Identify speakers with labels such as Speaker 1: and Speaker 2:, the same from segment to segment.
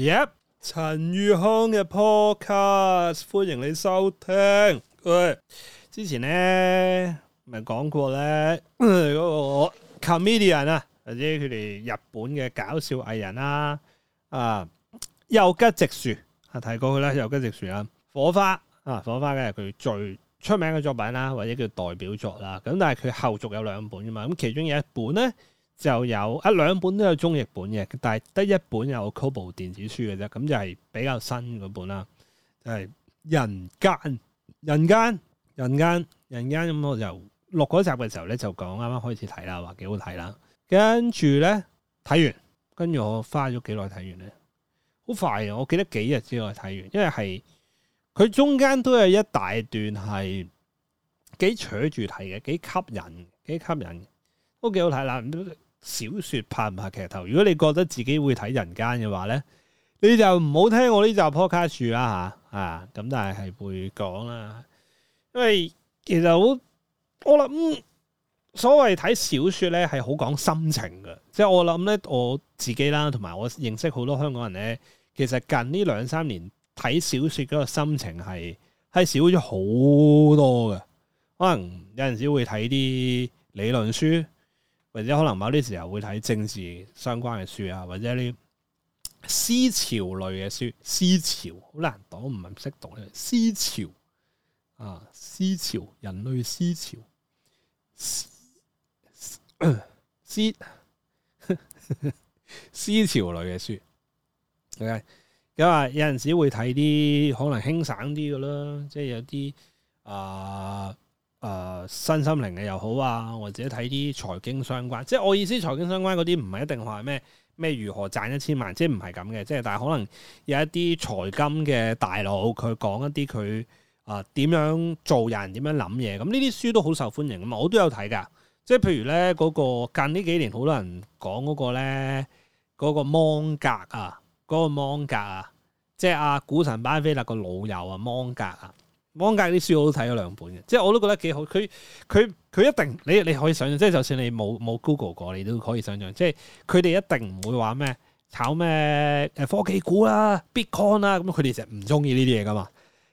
Speaker 1: 一陳、yep, 宇康嘅 podcast，歡迎你收聽。喂，之前咧咪講過咧嗰、 那個 comedian 啊，或者佢哋日本嘅搞笑藝人啦、啊，啊，又吉直樹啊，提過佢啦，又吉直樹啊，火花啊，火花梗係佢最出名嘅作品啦，或者叫代表作啦。咁但係佢後續有兩本啫嘛，咁其中有一本咧。就有一兩、啊、本都有中譯本嘅，但係得一本有 Kobo 電子書嘅啫，咁就係比較新嗰本啦。就係、是、人間、人間、人間、人間咁，我就錄嗰集嘅時候咧，就講啱啱開始睇啦，話幾好睇啦。跟住咧睇完，跟住我花咗幾耐睇完咧，好快呀。我記得幾日之內睇完，因為係佢中間都有一大段係幾扯住睇嘅，幾吸引，幾吸引，都幾好睇啦。小說拍唔拍劇頭？如果你覺得自己會睇人間嘅話咧，你就唔好聽我呢集 podcast 啊吓啊！咁、啊、但係係會講啦，因為其實好，我諗所謂睇小說咧係好講心情嘅，即、就、係、是、我諗咧我自己啦，同埋我認識好多香港人咧，其實近呢兩三年睇小說嗰個心情係係少咗好多嘅，可能有陣時會睇啲理論書。或者可能某啲時候會睇政治相關嘅書啊，或者啲思潮類嘅書，思潮好難讀，唔係唔識讀嘅思潮啊，思潮，人類思潮，思思， 思潮類嘅書，係咪？okay？咁啊，有陣時會睇啲可能輕省啲嘅啦，即係有啲啊。呃誒新、呃、心靈嘅又好啊，或者睇啲財經相關，即係我意思財經相關嗰啲唔係一定話咩咩如何賺一千萬，即係唔係咁嘅，即係但係可能有一啲財金嘅大佬佢講一啲佢啊點樣做人，點樣諗嘢，咁呢啲書都好受歡迎啊！我都有睇噶，即係譬如咧嗰、那個近呢幾年好多人講嗰個咧嗰、那個芒格啊，嗰、那個芒格啊，即係阿股神巴菲特個老友啊，芒格啊。摩根介啲書我都睇咗兩本嘅，即係我都覺得幾好。佢佢佢一定你你可以想像，即係就算你冇冇 Google 過，你都可以想像，即係佢哋一定唔會話咩炒咩科技股啦、啊、Bitcoin 啦、啊，咁佢哋成日唔中意呢啲嘢噶嘛。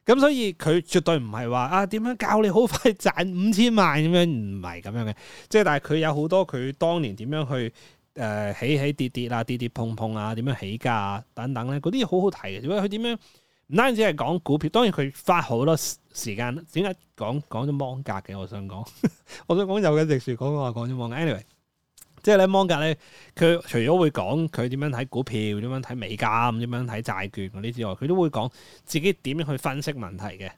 Speaker 1: 咁所以佢絕對唔係話啊點樣教你好快賺五千萬咁樣，唔係咁樣嘅。即係但係佢有好多佢當年點樣去誒、呃、起起跌跌啊、跌跌碰碰啊、點樣起價、啊、等等咧，嗰啲好好睇嘅。如果佢點樣？唔單止係講股票，當然佢花好多時間。點解講講咗芒格嘅？我想講，我想講有嘅直樹講啊講咗芒格。說說 anga, anyway，即係咧芒格咧，佢除咗會講佢點樣睇股票、點樣睇美金、點樣睇債券嗰啲之外，佢都會講自己點樣去分析問題嘅，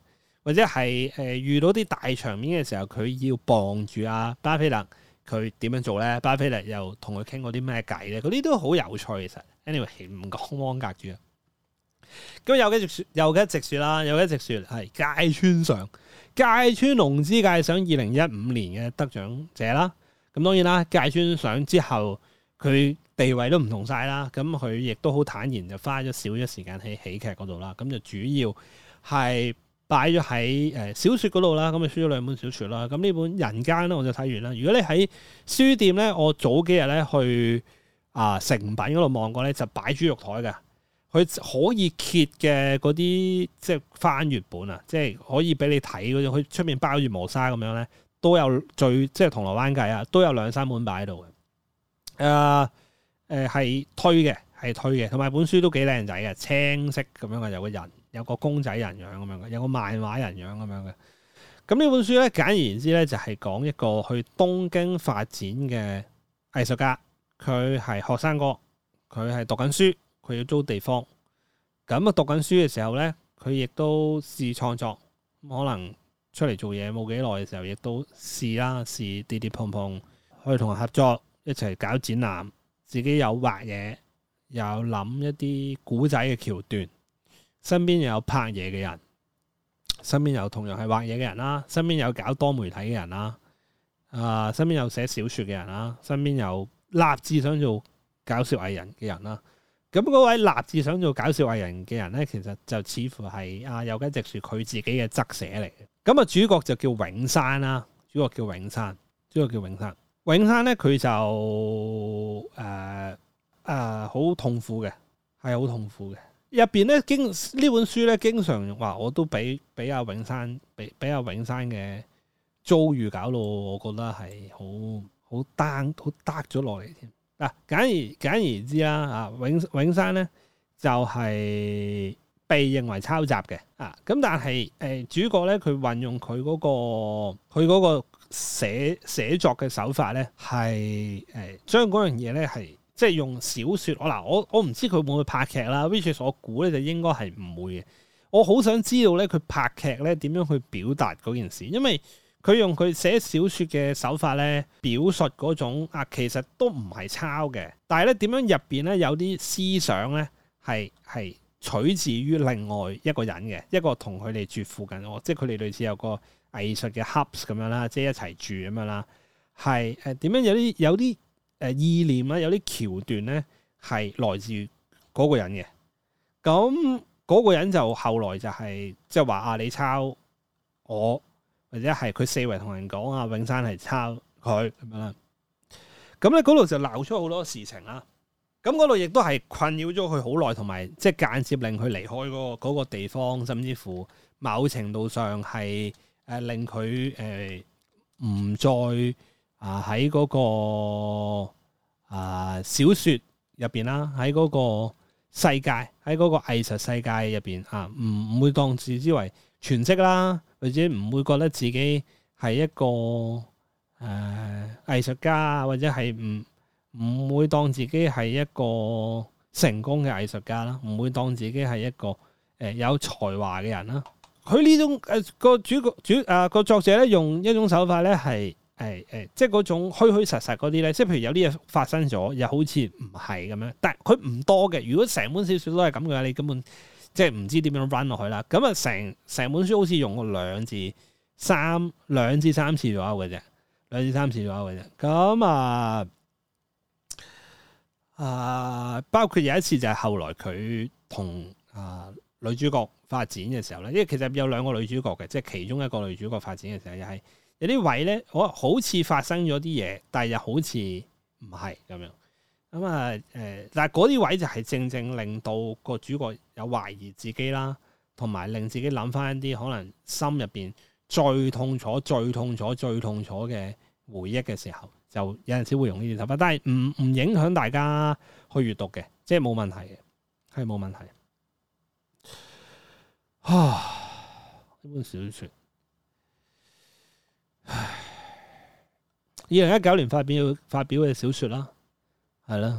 Speaker 1: 或者係誒、呃、遇到啲大場面嘅時候，佢要傍住啊巴菲特，佢點樣做咧？巴菲特又同佢傾過啲咩偈咧？嗰啲都好有趣其實。anyway，唔講芒格住啊。咁又吉直樹，又吉直樹啦，又吉直樹係芥川賞芥川，龍之介賞二零一五年嘅得獎者啦。咁當然啦，芥川賞之後佢地位都唔同晒啦。咁佢亦都好坦然，就花咗少咗時間喺喜劇嗰度啦。咁就主要係擺咗喺誒小說嗰度啦。咁啊，輸咗兩本小說啦。咁呢本人間咧，我就睇完啦。如果你喺書店咧，我早幾日咧去啊誠品嗰度望過咧，就擺豬肉枱嘅。佢可以揭嘅嗰啲即係翻閱本啊，即係可以俾你睇嗰種，佢出面包住磨砂咁樣咧，都有最即係銅鑼灣計啊，就是，都有兩三本擺喺度嘅。誒誒係推嘅係推嘅，同埋本書都幾靚仔嘅，青色咁樣嘅，有個人有個公仔人樣咁樣嘅，有個漫畫人樣咁樣嘅。咁呢本書咧，簡而言之咧，就係講一個去東京發展嘅藝術家，佢係學生哥，佢係讀緊書。佢要租地方，咁啊讀緊書嘅時候呢，佢亦都試創作，可能出嚟做嘢冇幾耐嘅時候，亦都試啦，試跌跌碰碰，去同人合作一齊搞展覽，自己有畫嘢，又有諗一啲古仔嘅橋段，身邊又有拍嘢嘅人，身邊有同樣係畫嘢嘅人啦，身邊有搞多媒體嘅人啦，啊，身邊有寫小說嘅人啦，身邊有立志想做搞笑藝人嘅人啦。咁嗰位立志想做搞笑藝人嘅人咧，其實就似乎係阿又吉直樹佢自己嘅側寫嚟嘅。咁啊，主角就叫永山啦，啊。主角叫永山，主角叫永山。永山咧，佢就誒誒，好、呃呃、痛苦嘅，係好痛苦嘅。入邊咧，經呢本書咧，經常話我都俾俾阿永山，俾俾阿永山嘅遭遇搞到，我覺得係好好 down，好 down 咗落嚟添。嗱，簡而簡而言之啦，啊，永永山咧就係、是、被認為抄襲嘅，啊，咁但係誒、呃、主角咧佢運用佢嗰、那個佢嗰個寫，寫作嘅手法咧，係誒、呃、將嗰樣嘢咧係即係用小説、啊，我嗱我我唔知佢會唔會拍劇啦 which 我估咧就應該係唔會嘅，我好想知道咧佢拍劇咧點樣去表達嗰件事，因為。佢用佢寫小說嘅手法咧，表述嗰種啊，其實都唔係抄嘅。但係咧，點樣入邊咧有啲思想咧，係係取自於另外一個人嘅，一個同佢哋住附近，即係佢哋類似有個藝術嘅 hubs 咁樣啦，即係一齊住咁樣啦。係誒，點樣有啲有啲誒意念咧，有啲橋段咧係來自嗰個人嘅。咁嗰個人就後來就係、是、即係話啊，你抄我。或者係佢四圍同人講啊，永山係抄佢咁樣啦。咁咧嗰度就鬧出好多事情啦。咁嗰度亦都係困擾咗佢好耐，同埋即係間接令佢離開個嗰個地方，甚至乎某程度上係誒令佢誒唔再啊喺嗰個啊、呃、小說入邊啦，喺嗰個世界，喺嗰個藝術世界入邊啊，唔、呃、唔會當自之為全職啦。或者唔會覺得自己係一個誒、呃、藝術家，或者係唔唔會當自己係一個成功嘅藝術家啦，唔會當自己係一個誒、呃、有才華嘅人啦。佢呢種誒、呃、個主角主誒個、呃、作者咧，用一種手法咧係誒誒，即係嗰種虛虛實實嗰啲咧，即係譬如有啲嘢發生咗，又好似唔係咁樣。但係佢唔多嘅，如果成本小說都係咁嘅話，你根本。即係唔知點樣 run 落去啦，咁啊成成本書好似用過兩至三兩至三次左右嘅啫，兩至三次左右嘅啫。咁啊啊，包括有一次就係後來佢同啊女主角發展嘅時候咧，因為其實有兩個女主角嘅，即係其中一個女主角發展嘅時候，又係有啲位咧，好好似發生咗啲嘢，但係又好似唔係咁樣。咁啊，誒、嗯，但係嗰啲位就係正正令到個主角有懷疑自己啦，同埋令自己諗翻一啲可能心入邊最痛楚、最痛楚、最痛楚嘅回憶嘅時候，就有陣時會用呢啲手法，但係唔唔影響大家去閱讀嘅，即係冇問題嘅，係冇問題的。啊，呢本小說，唉，二零一九年發表發表嘅小說啦。係囉，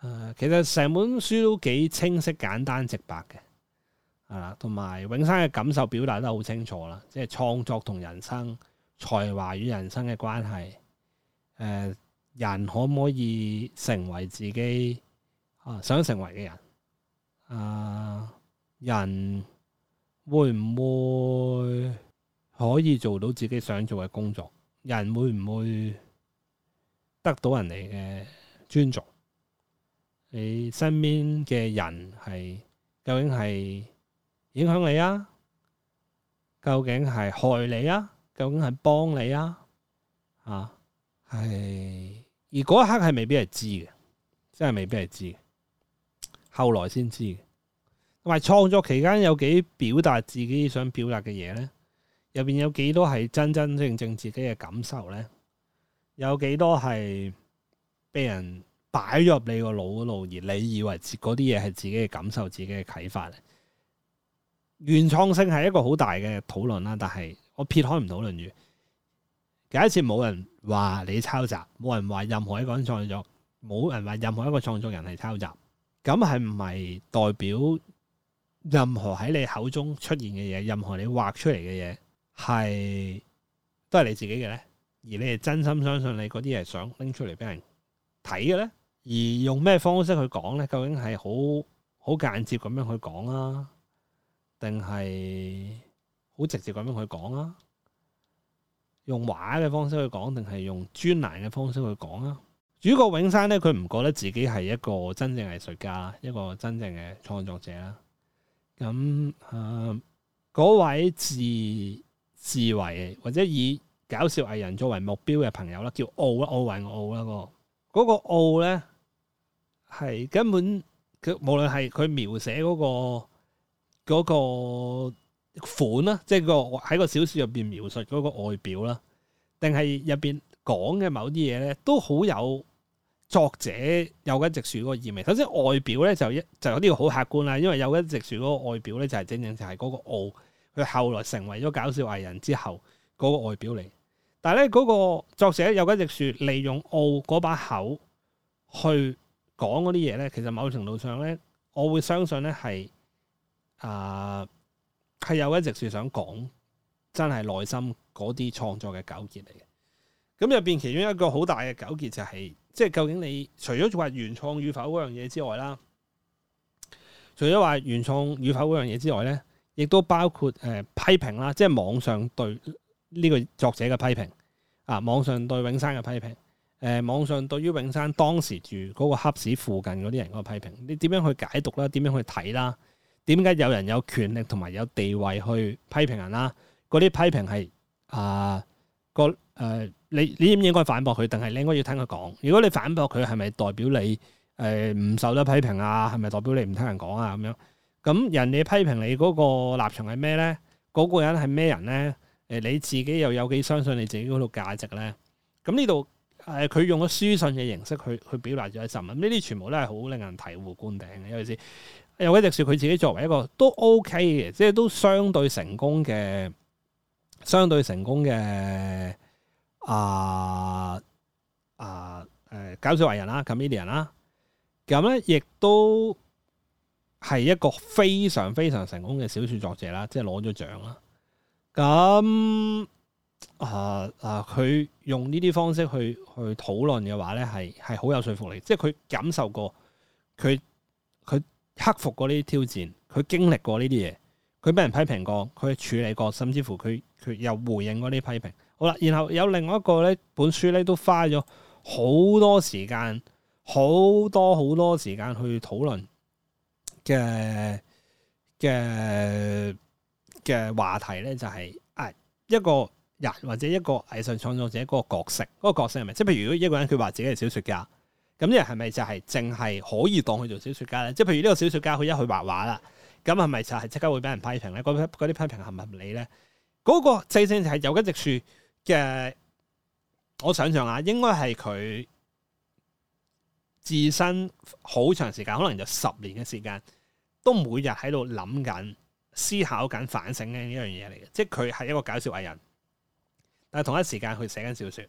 Speaker 1: 誒，其實成本書都幾清晰、簡單、直白嘅，係啦，同埋永生嘅感受表達得好清楚啦，即係創作同人生、才華與人生嘅關係，誒，人可唔可以成為自己啊想成為嘅人？啊，人會唔會可以做到自己想做嘅工作？人會唔會得到人哋嘅？尊重你身邊嘅人係，究竟係影響你啊？究竟係害你啊？究竟係幫你啊？啊係而嗰一刻係未必係知嘅，真係未必係知嘅，後來先知嘅。同埋創作期間有幾表達自己想表達嘅嘢咧？入邊有幾多係真真正正自己嘅感受咧？有幾多係？嘅人擺咗入你個腦度，而你以為嗰啲嘢係自己嘅感受、自己嘅啟發咧？原創性係一個好大嘅討論啦，但係我撇開唔討論住。第一次冇人話你抄襲，冇人話任何一個人創作，冇人話任何一個創作人係抄襲，咁係唔係代表任何喺你口中出現嘅嘢，任何你畫出嚟嘅嘢係都係你自己嘅咧？而你係真心相信你嗰啲係想拎出嚟俾人？睇嘅咧，而用咩方式去講咧？究竟係好好間接咁樣去講啊，定係好直接咁樣去講啊？用畫嘅方式去講，定係用專欄嘅方式去講啊？主角永生咧，佢唔覺得自己係一個真正藝術家，一個真正嘅創作者啦。咁誒，呃、嗰位自自為或者以搞笑藝人作為目標嘅朋友啦，叫奧啦，奧運奧啦個。嗰個傲咧，係根本佢無論係佢描寫嗰個嗰個款啦，即係個喺個小說入邊描述嗰個外表啦，定係入邊講嘅某啲嘢咧，都好有作者有一植樹個意味。首先外表咧就一就有啲好客觀啦，因為有一植樹個外表咧就係正正就係嗰個傲，佢後來成為咗搞笑藝人之後嗰個外表嚟。但係咧，嗰個作者有一隻樹利用澳嗰把口去講嗰啲嘢咧，其實某程度上咧，我會相信咧係啊，係有一隻樹想講真係內心嗰啲創作嘅糾結嚟嘅。咁入邊其中一個好大嘅糾結就係，即係究竟你除咗話原創與否嗰樣嘢之外啦，除咗話原創與否嗰樣嘢之外咧，亦都包括誒批評啦，即係網上對。呢個作者嘅批評啊，網上對永山嘅批評，誒、呃、網上對於永山當時住嗰個黑市附近嗰啲人嗰個批評，你點樣去解讀啦？點樣去睇啦？點解有人有權力同埋有地位去批評人啦、啊？嗰啲批評係啊個誒，你你，是應反駁他是你應唔應該反駁佢？定係你應該要聽佢講？如果你反駁佢，係咪代表你誒唔、呃、受得批評啊？係咪代表你唔聽人講啊？咁樣咁人哋批評你嗰個立場係咩咧？嗰、嗰個人係咩人咧？誒，你自己又有幾相信你自己嗰度價值咧？咁呢度誒，佢、啊、用咗書信嘅形式去去表達咗一陣啊！呢啲全部都係好令人醍醐灌頂嘅，尤其是有一隻說佢自己作為一個都 OK 嘅，即係都相對成功嘅，相對成功嘅啊啊誒，搞笑藝人啦、啊，咁、啊、呢啲人啦，咁咧亦都係一個非常非常成功嘅小說作者啦，即係攞咗獎啦。咁啊、嗯、啊！佢、啊、用呢啲方式去去討論嘅話咧，係係好有說服力。即係佢感受過，佢佢克服過呢啲挑戰，佢經歷過呢啲嘢，佢俾人批評過，佢處理過，甚至乎佢佢又回應嗰啲批評。好啦，然後有另外一個咧本書咧，都花咗好多時間，好多好多時間去討論嘅嘅。嘅話題咧就係啊，一個人或者一個藝術創作者嗰、嗰個角色，嗰個角色係咪？即係譬如一個人佢話自己係小說家，咁呢？係咪就係淨係可以當佢做小說家咧？即係譬如呢個小說家佢一去畫畫啦，咁係咪就係即刻會俾人批評咧？嗰啲批評合唔合理咧？嗰、嗰個正正就係有一直樹嘅，我想象下，應該係佢自身好長時間，可能就十年嘅時間，都每日喺度諗緊。思考緊反省嘅呢樣嘢嚟嘅。即係佢係一個搞笑藝人，但係同一時間去寫緊小說。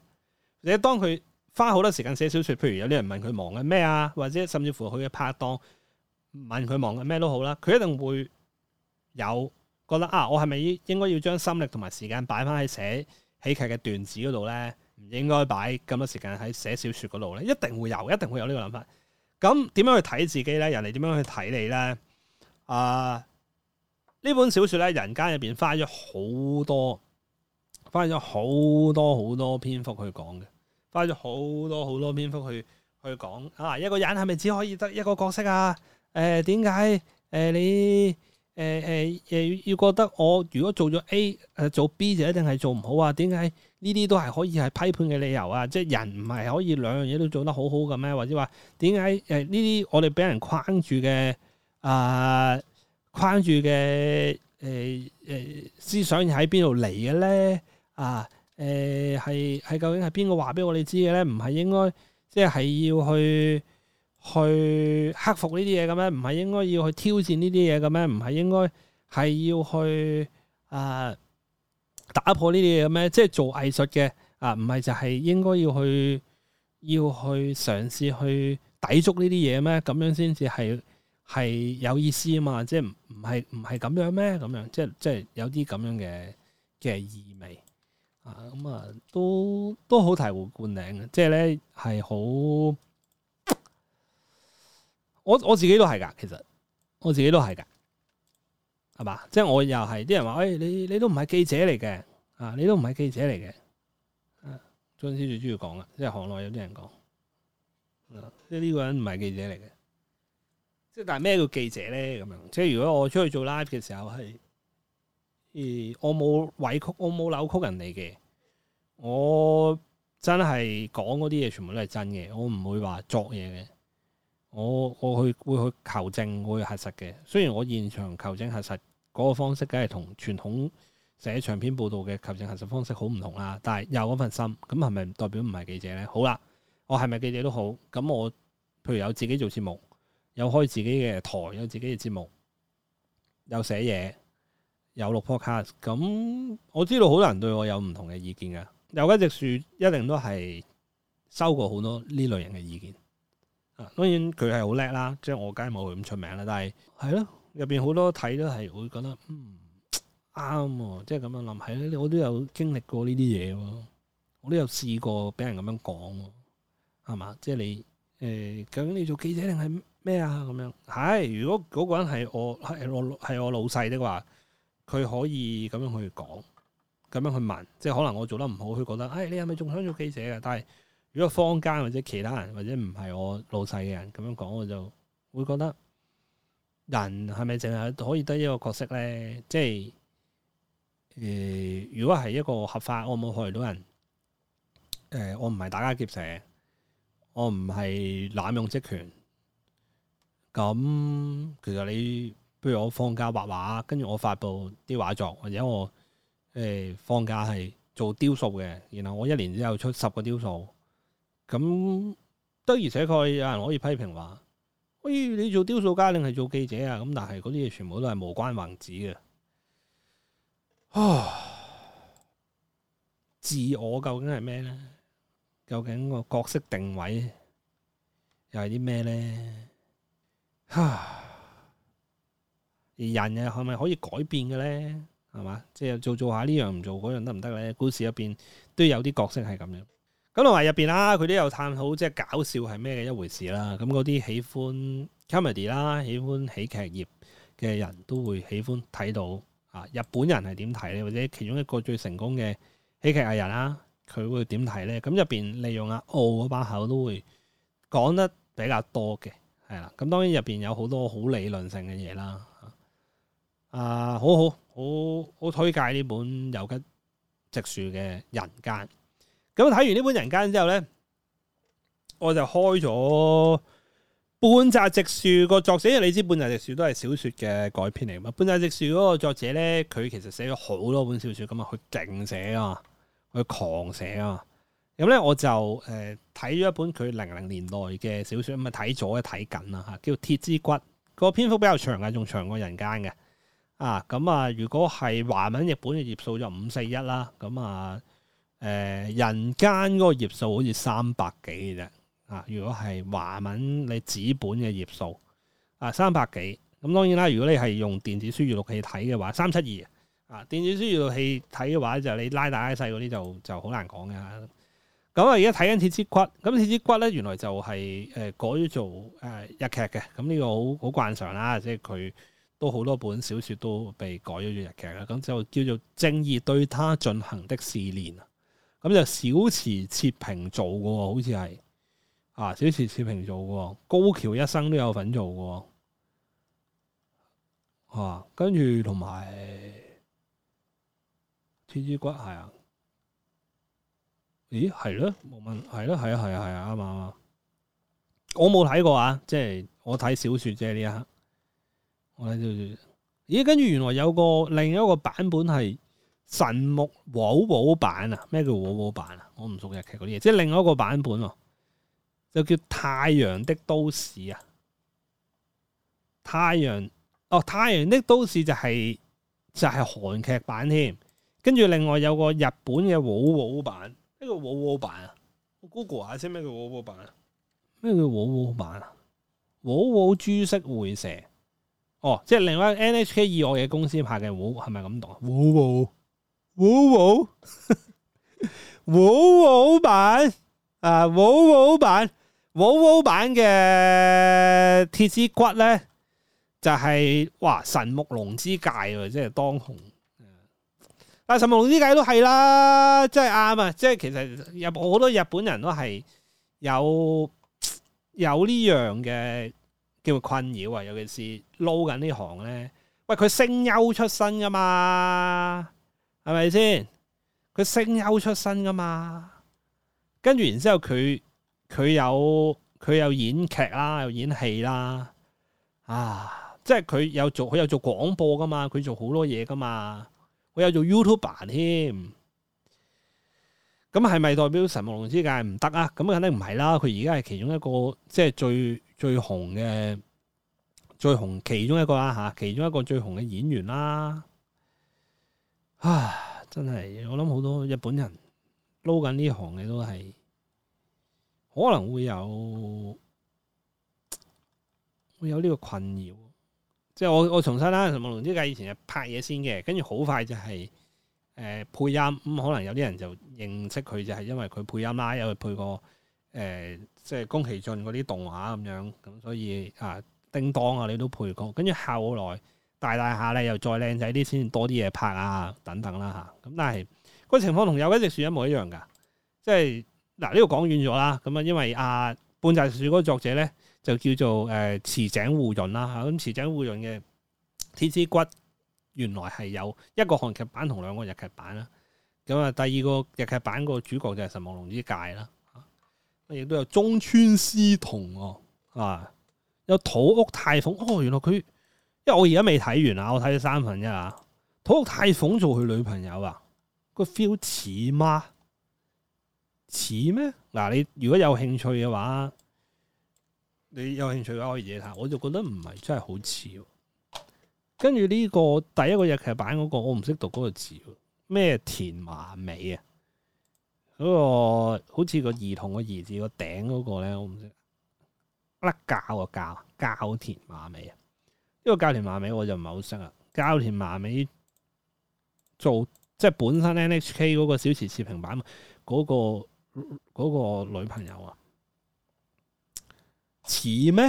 Speaker 1: 而且當佢花好多時間寫小說，譬如有啲人問佢忙緊咩啊，或者甚至乎佢嘅拍檔問佢忙緊咩都好啦，佢一定會有覺得啊，我係咪應該要將心力同埋時間擺翻喺寫喜劇嘅段子嗰度咧？唔應該擺咁多時間喺寫小說嗰度咧？一定會有，一定會有呢個諗法。咁點樣去睇自己咧？人哋點樣去睇你咧？啊！呢本小說咧，《人間》入邊花咗好多，花咗好多好多篇幅去講嘅，花咗好多好多篇幅去去講啊！一個人係咪只可以得一個角色啊？誒、呃，點解？誒、呃，你誒誒誒，要覺得我如果做咗 A 誒做 B 就一定係做唔好啊？點解？呢啲都係可以係批判嘅理由啊！即係人唔係可以兩樣嘢都做得好好嘅咩？或者話點解？誒，呢、呃、啲我哋俾人框住嘅啊？呃框住嘅誒誒思想喺邊度嚟嘅咧？啊、誒、係、係、究竟係邊個話俾我哋知嘅咧？唔係應該即係、係、要去去克服呢啲嘢嘅咩？唔係應該要去挑戰呢啲嘢嘅咩？唔係應該係要去啊打破呢啲嘢嘅咩？即係做藝術嘅啊，唔係就係應該要去要去嘗試去抵觸呢啲嘢咩？咁樣先至係。係有意思啊嘛，即係唔唔係唔係咁樣咩？咁樣即係即係有啲咁樣嘅嘅意味啊！咁啊都都好醍醐灌頂，即係咧係好，我我自己都係噶，其實我自己都係噶，係嘛？即係我又係啲人話，誒、哎，你你都唔係記者嚟嘅啊，你都唔係記者嚟嘅，啊，最最主要講啦，即係行內有啲人講，啊，即係呢個人唔係記者嚟嘅。即但係咩叫記者咧？咁樣即係如果我出去做 live 嘅時候係、嗯，我冇委屈我冇扭曲人哋嘅，我真係講嗰啲嘢全部都係真嘅，我唔會話作嘢嘅。我我去會去求證，我會核實嘅。雖然我現場求證核實嗰個方式，梗係同傳統寫長篇報導嘅求證核實方式好唔同啦。但係有嗰份心，咁係咪代表唔係記者咧？好啦，我係咪記者都好，咁我譬如有自己做節目。有開自己嘅台，有自己嘅節目，有寫嘢，有錄 podcast。咁我知道好多人對我有唔同嘅意見嘅。有一只樹一定都係收過好多呢類人嘅意見。啊，當然佢係好叻啦，即係我梗係冇咁出名啦。但係，係咯，入邊好多睇都係會覺得，嗯，啱喎。即係咁樣諗，係咧、啊，我都有經歷過呢啲嘢喎，我都有試過俾人咁樣講、啊，係嘛？即係你誒、欸，究竟你做記者定係？咩啊咁樣？係如果嗰個人係我係我係我老細的話，佢可以咁樣去講，咁樣去問，即係可能我做得唔好，佢覺得誒、哎，你係咪仲想做記者嘅？但係如果坊間或者其他人或者唔係我老細嘅人咁樣講，我就會覺得人係咪淨係可以得一個角色咧？即係誒、呃，如果係一個合法，我冇害到人，誒、呃，我唔係打家劫舍，我唔係濫用職權。咁其實你，譬如我放假畫畫，跟住我發布啲畫作，或者我、欸、放假係做雕塑嘅，然後我一年之後出十個雕塑，咁的而且確有人可以批評話，咦，你做雕塑家定係做記者啊？咁但係嗰啲嘢全部都係無關宏旨嘅。啊，自我究竟係咩呢？究竟個角色定位又係啲咩呢？哈！而人又係咪可以改變嘅咧？係嘛，即係做做下呢樣唔做嗰樣得唔得咧？故事入邊都有啲角色係咁樣。咁同埋入邊啦，佢都有探討即係搞笑係咩嘅一回事啦。咁嗰啲喜歡 comedy 啦，喜歡喜劇業嘅人都會喜歡睇到啊。日本人係點睇咧？或者其中一個最成功嘅喜劇藝人啦，佢會點睇咧？咁入邊利用阿奧嗰把口都會講得比較多嘅。係啦，咁當然入邊有好多好理論性嘅嘢啦。啊，好好好好推介呢本又吉直樹嘅《人間》。咁睇完呢本《人間》之後咧，我就開咗《半澤直樹》個作者，你知《半澤直樹》都係小説嘅改編嚟嘛？《半澤直樹》嗰個作者咧，佢其實寫咗好多本小説，咁啊去勁寫啊，去狂寫啊。咁咧我就睇咗、呃、一本佢零零年代嘅小說，咁咪睇咗一睇緊啦吓叫《鐵之骨》，個篇幅比較長嘅，仲長過《人間》嘅。啊，咁啊，如果係華文日本嘅頁數就五四一啦，咁啊《人間》嗰個頁數好似三百幾嘅啫。啊，如果係華文你紙本嘅頁數啊三百幾，咁、啊啊啊啊、當然啦，如果你係用電子書閱讀器睇嘅話，三七二啊，電子書閱讀器睇嘅話就你拉大拉細嗰啲就就好難講嘅。咁啊！而家睇緊《鐵之骨》，咁《鐵之骨》咧，原來就係誒改咗做誒日劇嘅。咁、這、呢個好好慣常啦，即係佢都好多本小說都被改咗做日劇啦。咁就叫做《正義對他進行的試煉》啊。咁就小池切平做嘅喎，好似係啊，小池切平做嘅喎，高橋一生都有份做嘅喎，嚇。跟住同埋《鐵之骨》係啊。咦係咯，冇問係咯係啊係啊係啊啱啊啱啊！我冇睇過啊，即係我睇小說啫呢一刻，我睇住咦，跟住原來有個另一個版本係神木武武版啊？咩叫武武版啊？我唔熟日劇嗰啲嘢，即係另外一個版本咯、啊，就叫《太陽的都市》啊，《太陽》哦，《太陽的都市、就是》就係就係韓劇版添、啊，跟住另外有個日本嘅武武版。呢個沃沃版啊，我 Google 下先咩叫沃沃版啊？咩叫沃沃版啊？沃沃珠式回蛇哦，即係另外 NHK 以外嘅公司拍嘅沃，係咪咁讀？沃沃沃沃沃沃版啊，沃沃版沃沃版嘅鐵之骨咧，就係哇神木隆之介即係當紅。但係神龍呢？計都係啦，即係啱啊！即係其實日好多日本人都係有有呢樣嘅叫做困擾啊，尤其是撈緊呢行咧。喂，佢聲優出身噶嘛，係咪先？佢聲優出身噶嘛，跟住然之後佢佢有佢有演劇啦，又演戲啦，啊！即係佢有做佢有做廣播噶嘛，佢做好多嘢噶嘛。我有做 YouTuber 添，咁係咪代表神木龍之介唔得啊？咁肯定唔係啦，佢而家係其中一個即係最最紅嘅最紅其中一個啦吓，其中一個最紅嘅演員啦。唉，真係我諗好多日本人撈緊呢行嘅都係可能會有會有呢個困擾。即係我我重新啦，神木隆之介以前係拍嘢先嘅，跟住好快就係、是、誒、呃、配音咁、嗯，可能有啲人就認識佢就係因為佢配音啦，有去配過誒、呃、即係宮崎駿嗰啲動畫咁樣，咁所以啊叮噹啊你都配過，跟住後來大大下咧又再靚仔啲，先多啲嘢拍啊等等啦吓，咁但係、那個情況同《又一隻樹》一模一樣噶，即係嗱呢度講遠咗啦，咁啊因為啊半澤直樹嗰個作者咧。就叫做誒池井戶潤啦嚇，咁池井戶潤嘅《鐵之骨》原來係有一個韓劇版同兩個日劇版啦。咁啊，第二個日劇版個主角就係神木隆之介啦。亦都有中村獅童哦，啊，有土屋太鳳哦。原來佢，因為我而家未睇完啦，我睇咗三份啫嚇。土屋太鳳做佢女朋友啊，個 feel 似嗎？似咩？嗱、啊，你如果有興趣嘅話。你有興趣嘅可以嘢睇，我就覺得唔係真係好似。跟住呢個第一個日劇版嗰、那個，我唔識讀嗰個字，咩田麻美啊？嗰、那個好似個兒童個兒子那頂那個頂嗰個咧，我唔識。甩膠、這個膠膠田麻美啊？呢個膠田麻美我就唔係好識啊。膠田麻美做即係本身 N H K 嗰個小池徹平版嗰、那個嗰、那個女朋友啊。似咩？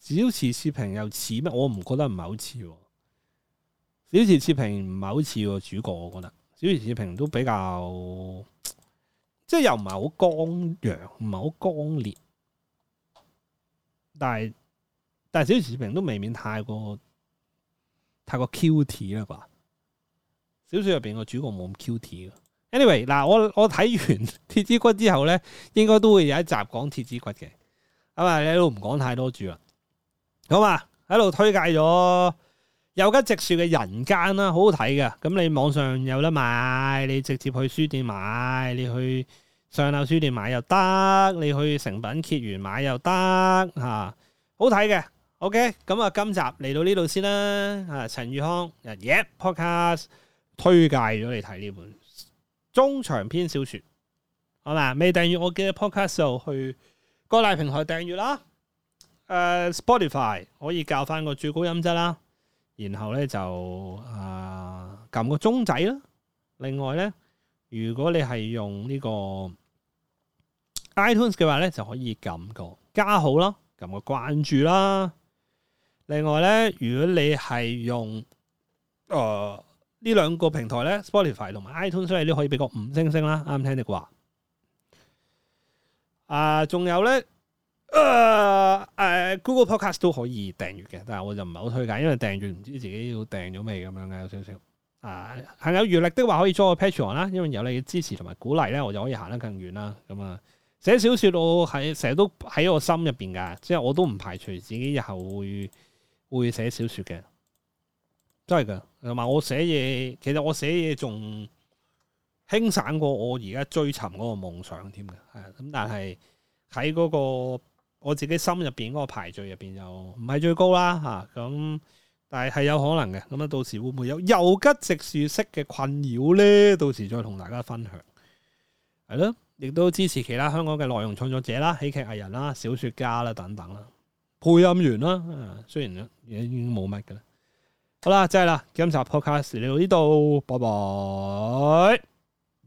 Speaker 1: 小池徹平又似咩？我唔覺得唔係好似喎。小池徹平唔係好似喎，主角，我覺得小池徹平都比較即係又唔係好剛陽，唔係好剛烈但。但係但係小池徹平都未免太過太過 cute 啦吧？小說入邊個主角冇咁 cute 嘅。anyway 嗱，我我睇完鐵之骨之後咧，應該都會有一集講鐵之骨嘅。咁喺度唔講太多住啦。好嘛？喺度推介咗又吉直樹嘅人間啦，好好睇嘅。咁你網上有得買，你直接去書店買，你去上樓書店買又得，你去成品揭完買又得吓，好睇嘅。OK，咁啊，今集嚟到呢度先啦。啊，陳宇康，耶、yeah, Podcast 推介咗你睇呢本中長篇小說，好嘛？未訂閱我嘅 Podcast 就去。各大平台訂閱啦、呃、Spotify 可以較返個最高音質啦，然後咧就誒撳、呃、個鐘仔啦。另外咧，如果你係用、這個、呢個 iTunes 嘅話咧，就可以撳個加號啦，撳個關注啦。另外咧，如果你係用誒呢、呃、兩個平台咧，Spotify 同埋 iTunes 所以你可以俾個五星星啦，啱聽你話。啊，仲、呃、有咧，誒、呃呃、Google Podcast 都可以訂閱嘅，但係我就唔係好推介，因為訂閱唔知自己要訂咗未咁樣嘅有少少。啊、呃，係有餘力的話可以 join 個 Patreon 啦，因為有你嘅支持同埋鼓勵咧，我就可以行得更遠啦。咁、嗯、啊，寫小説我係成日都喺我心入面噶，即係我都唔排除自己日後會會寫小説嘅。都係噶，同埋我寫嘢，其實我寫嘢仲～輕散過我而家追尋嗰個夢想添嘅，係咁，但係喺嗰個我自己心入邊嗰個排序入邊又唔係最高啦吓，咁、啊、但係係有可能嘅，咁啊到時會唔會有又吉直樹式嘅困擾咧？到時再同大家分享，係咯，亦都支持其他香港嘅內容創作者啦、喜劇藝人啦、小說家啦等等啦、配音員啦，啊，雖然已經冇乜噶啦，好啦，真係啦，今集 podcast 嚟到呢度，拜拜。